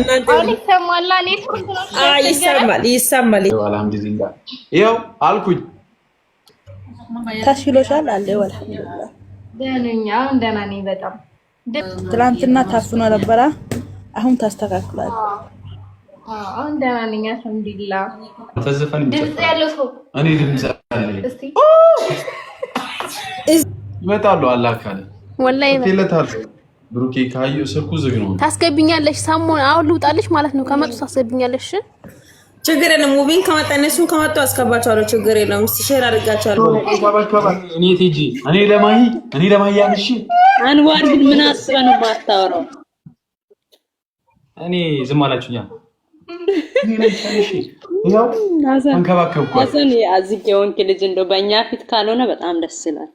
እናንተ ይሰማል ይሰማል። ይኸው አልኩኝ ታሽሎሻል አለ አልሐምዱሊላህ። ትላንትና ታፍኖ ነበረ። አሁን ታስተካክሏል። አሁን ደህና ነኝ አልሐምዱሊላህ። ተዘፈን ድምጽ ያለው እኔ ድምጽ ያለው እመጣለሁ አላህ ካለ ወላሂ ነው ብሩኬ ካዩ ስልኩ ዝግ ነው። ታስገብኛለሽ? ሳሞን አሁን ልውጣልሽ ማለት ነው። ከመጡ ታስገብኛለሽ። ችግር የለም። ውቢን ከመጣ እነሱም ከመጡ አስገባቸዋለሁ። ችግር የለም። እስኪ ሼር አድርጋቸዋለሁ። እኔ ቲጂ እኔ ለማይ እኔ ለማሂ አንሺ አንዋር ግን ምን አስበህ ነው የማታወራው? እኔ ዝም አላችሁኛ። አንከባከብኩ ሀዘን አዝጌ ወንክ ልጅ እንደው በእኛ ፊት ካልሆነ በጣም ደስ ይላል።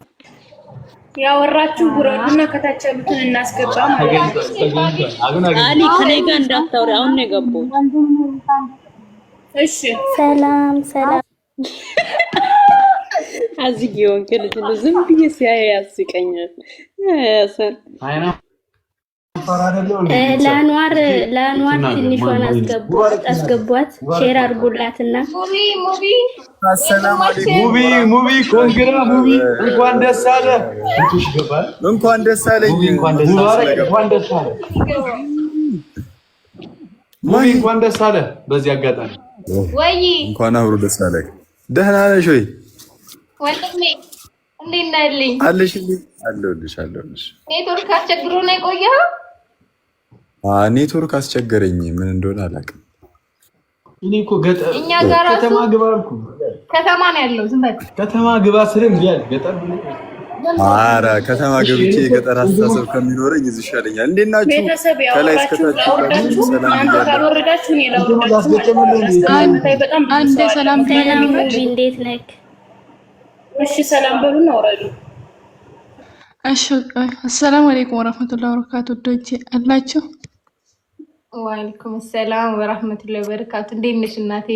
ያወራችሁ ጉረዱና ከታች ያሉትን እናስገባ ማለት ነው። አሊ ከኔ ጋር እንዳታወሪ አሁን ነው የገባው። እሺ ሰላም ሰላም። አዚግ የሆንክ ልጅ ዝም ብዬ ሲያየ ያስቀኛል። ለአንዋር ለአንዋር ትንሿን አስገቧት አስገቧት፣ ሼር አድርጉላትና ኮንግራ እንኳን ደስ አለ እንኳን ደስ እንኳን ደስ አለ። በዚህ አጋጣሚ ወይ እንኳን አብሮ ደስ አለ። ደህና ነሽ ወይ ወንድሜ? እንዴት አለሽ? አለሁልሽ አለሁልሽ። ኔትወርክ አስቸግሮ ነው የቆየኸው ኔትወርክ አስቸገረኝ። ምን እንደሆነ አላውቅም። እኔ ከተማ ግባ ከተማ ነው ያለው። ዝም በል ከተማ ግባ ስልህ እምቢ ገጠር ኧረ ከተማ ገብቼ የገጠር አስተሳሰብ ከሚኖረኝ እዚህ ይሻለኛል። እንዴት ናችሁ? ከላይ ሰላም ሰላም። አሰላሙ አለይኩም ዶቼ አላችሁ ዋአለይኩም ሰላም ወራህመቱላሂ ወበረካቱ። እንዴት ነሽ እናቴ?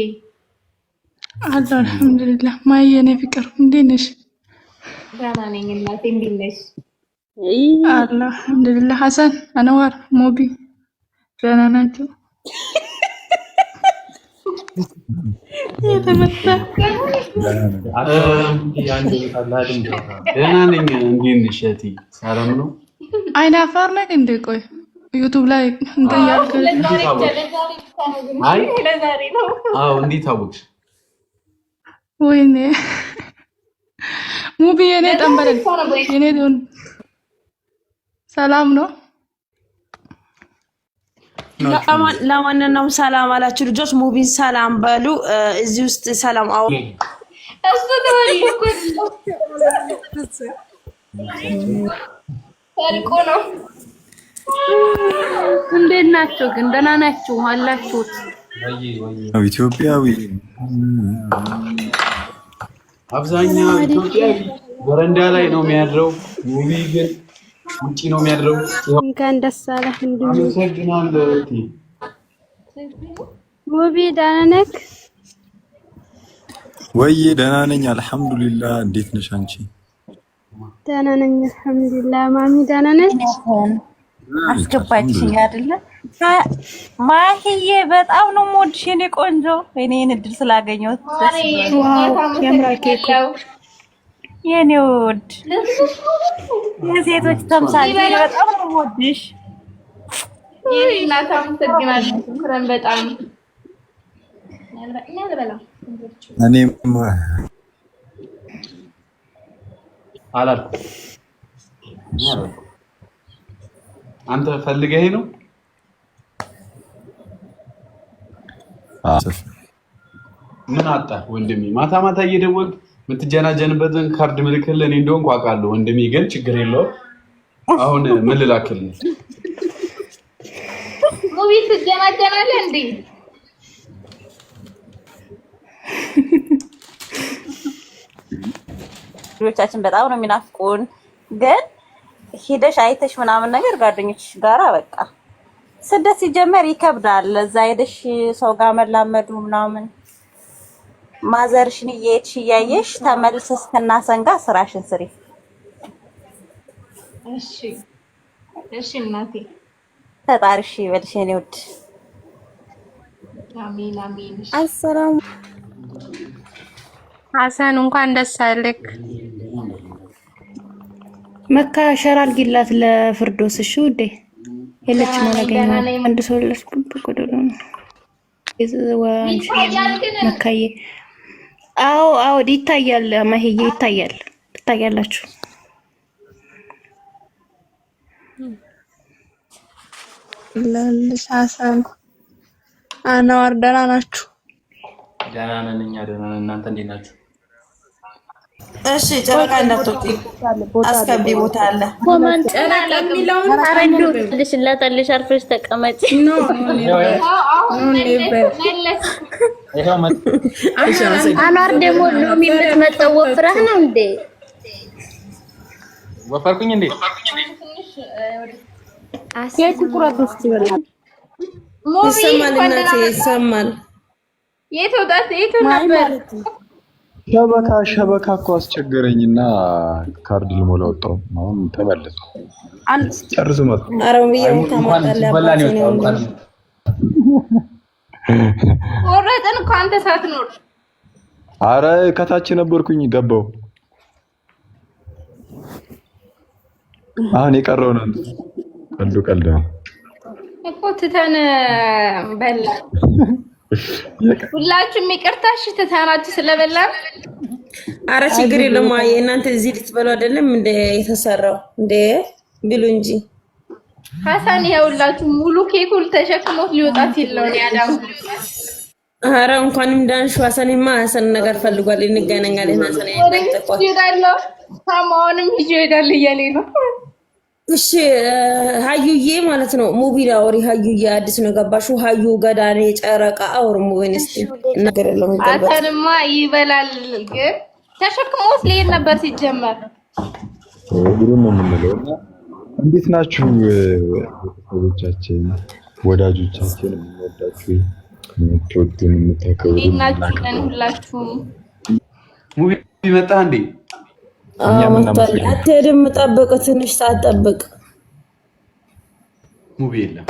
አለ አልሐምዱሊላህ። ማየ የኔ ፍቅር እንዴት ነሽ? ደህና ነኝ እናቴ። እንዴት ነሽ? አለ አልሐምዱሊላህ። ሀሰን አነዋር፣ ሞቢ ደህና ናቸው? ደህና ነኝ። እንዴት ነሽ? ሰላም ነው። አይናፋር ነህ እንዴ? ቆይ ዩቱብ ላይ እንዴት አወቅሽ? ወይኔ ሙቢ የኔ ጠንበለል የኔ ሰላም ነው። ለማንኛውም ሰላም አላችሁ ልጆች፣ ሙቢን ሰላም በሉ። እዚህ ውስጥ ሰላም አዎ ነው እንዴት ናቸው ግን? ደህና ናችሁ አላችሁት? ኢትዮጵያዊ አብዛኛው ኢትዮጵያዊ በረንዳ ላይ ነው የሚያድረው። ሙቪ ግን ውጪ ነው የሚያድረው። እንኳን ደስ አለህ። እንዲሁ አመሰግናለሁ። ሙቪ ደህና ነህ ወይ? ደህና ነኝ አልሐምዱሊላህ። እንዴት ነሽ አንቺ? ደህና ነኝ አልሐምዱሊላህ። ማሚ ደህና ነች? አስገባችኝ አይደለ? ማህዬ በጣም ነው የምወድሽ የኔ ቆንጆ። እኔን እድል ስላገኘሁት የኔ ውድ የሴቶች ተምሳሌ በጣም ነው የምወድሽ። እኔም አላልኩም አንተ ፈልገህ ነው ምን አጣ ወንድሜ? ማታ ማታ እየደወልክ የምትጀናጀንበትን ካርድ ምልክል። እኔ እንደሆንኩ አውቃለሁ ወንድሜ፣ ግን ችግር የለው አሁን ምን ልላክል ነው? ሙቪ ትጀናጀናለህ እንዴ? ልጆቻችን በጣም ነው የሚናፍቁን ግን ሂደሽ አይተሽ ምናምን ነገር ጓደኞችሽ ጋራ በቃ ስደት ሲጀመር ይከብዳል። እዛ ሄደሽ ሰው ጋር መላመዱ ምናምን ማዘርሽን እየሄድሽ እያየሽ ተመልስ እስክና ሰንጋ ስራሽን ስሪ። እሺ እሺ እናቴ ተጣርሽ ይበልሽ የኔ ውድ። አሜን አሜን። አሰላሙ ሀሰን እንኳን ደስ አለክ። መካ ሸራ አድርጊላት ለፍርዶስ። እሺ ውዴ የለች ማለገኛ አንድ ሰው ለስ መካዬ። አዎ አዎ ይታያል፣ ማሄዬ ይታያል፣ ትታያላችሁ። ለልሳሳን አናዋር ደህና ናችሁ? ደህና ነን እኛ ደህና ነን። እናንተ እንዴት ናችሁ? እሺ ጨረቃ እንዳትወጪ አስከቢ ቦታ አለ። ኮማን ጨረቃ የሚለውን አረንዱ ልሽላታልሽ፣ አርፈሽ ተቀመጪ። አኗር ደግሞ ሎሚ የምትመጣው ወፍራህ ነው እንዴ? ወፈርኩኝ እንዴ? ይሰማል፣ ይሰማል። የት ወጣት የት ነበር? ሸበካ ሸበካ እኮ አስቸገረኝና ካርድ ልሞላ ወጣሁ። አሁን ተመለሱ ጨርሱ ቆረጥን እኮ አንተ ሳትኖር። አረ ከታች ነበርኩኝ ገባው። አሁን የቀረው ነው ቀልዱ ቀልድ ነው እኮ ትተን በላ ሁላችሁም ይቅርታሽ ተታናችሁ ስለበላን። አረ ችግር የለም። እናንተ እዚህ ልትበሉ አይደለም እንደ የተሰራው እንደ ብሉ እንጂ ሀሳን ይኸውላችሁ ሙሉ ኬኩል ተሸክሞት ሊወጣት የለውን ያዳሙ አረ እንኳንም ዳንሹ። ሀሳንማ ሀሰን ነገር ፈልጓል። እንገናኛለን። ሀሳን ያዳው ታማውንም ይዤ እሄዳለሁ እያለኝ ነው እሺ ሀዩዬ ማለት ነው። ሙቢል አውሪ ሀዩዬ፣ አዲስ ነው ገባሹ? ሀዩ ገዳኔ ጨረቃ አውር ሙቢን እስቲ ነገር የለም። አንተንማ ይበላል ግን ተሸክሞት ሊሄድ ነበር ሲጀመር። እግሩ ነው የምንለው። እንዴት ናችሁ ቤተሰቦቻችን፣ ወዳጆቻችን፣ የምንወዳችሁ የምትወዱን፣ የምታከብሩ ሁላችሁም። ሙቢ መጣ እንዴ? አትሄድም። ጠብቅ፣ ትንሽ ሰዓት ጠብቅ። ሙቢ የለም።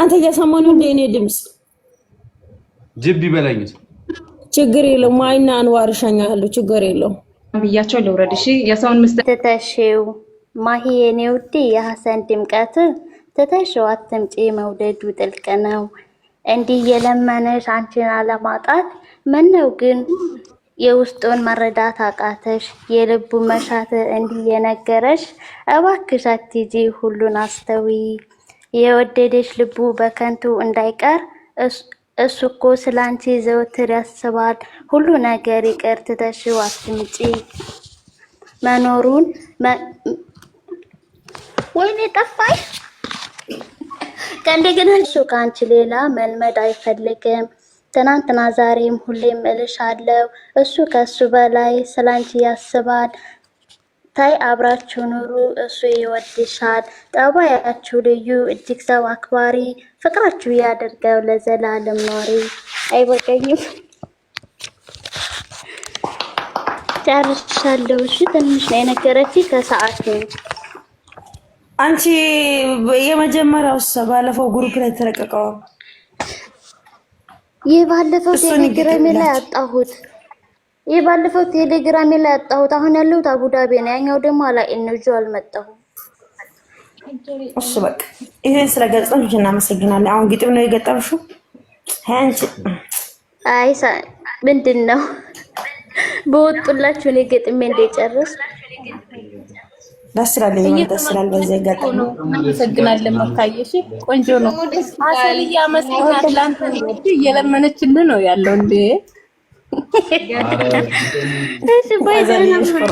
አንተ እያሰማኑ እንደ እኔ ድምፅ ጅብ ይበላኝ። ችግር የለው። ማይና አንዋር እሸኛለሁ። ችግር የለው ብያቸው ልውረድ። እሺ የሰውን ምስ ትተሽው ማሂ የኔ ውዴ የሀሰን ድምቀት ትተሽው አትምጪ። መውደዱ ጥልቅ ነው። እንዲህ የለመነሽ አንቺን አለማጣት ምን ነው ግን የውስጡን መረዳት አቃተሽ፣ የልቡ መሻት እንዲህ የነገረሽ፣ እባክሽ አትሂጂ ሁሉን አስተዊ የወደደሽ ልቡ በከንቱ እንዳይቀር እሱ እኮ ስላንቺ ዘወትር ያስባል። ሁሉ ነገር ይቅር ትተሽው አትምጪ መኖሩን። ወይኔ ጠፋሽ። ከእንደገና እሱ ከአንቺ ሌላ መልመድ አይፈልግም። ትናንትና ዛሬም ሁሌም እልሽ አለው። እሱ ከሱ በላይ ስላንቺ ያስባል። ታይ አብራችሁ ኑሩ፣ እሱ ይወድሻል። ጠባያችሁ ልዩ፣ እጅግ ሰው አክባሪ፣ ፍቅራችሁ ያደርገው ለዘላለም ኖሪ። አይበቀኝም። ጨርሻለሁ። እሺ ትንሽ ነው የነገረች ከሰዓት ነው። አንቺ የመጀመሪያው ባለፈው ግሩፕ ላይ ተረቀቀዋል የባለፈው ቴሌግራሜ ላይ አጣሁት። የባለፈው ቴሌግራሜ ላይ አጣሁት። አሁን ያለሁት አቡዳቢ ነው። ያኛው ደግሞ አላይን ነው። አልመጣሁም። እሺ በቃ ይሄን ስለገጠምሽ እናመሰግናለን። አሁን ግጥም ነው የገጠምሽው? አንቺ አይ ምንድን ነው በወጡላችሁ እኔ ገጥሜ እንደጨረስኩ ደስ ይላል። ይሄን ደስ ይላል። በዚህ አጋጣሚ እናመሰግናለን። መካየሽ ቆንጆ ነው። አሰልያ መስናት ላንተ እየለመነችልህ ነው ያለው እንዴ? እሺ ባይ ዘና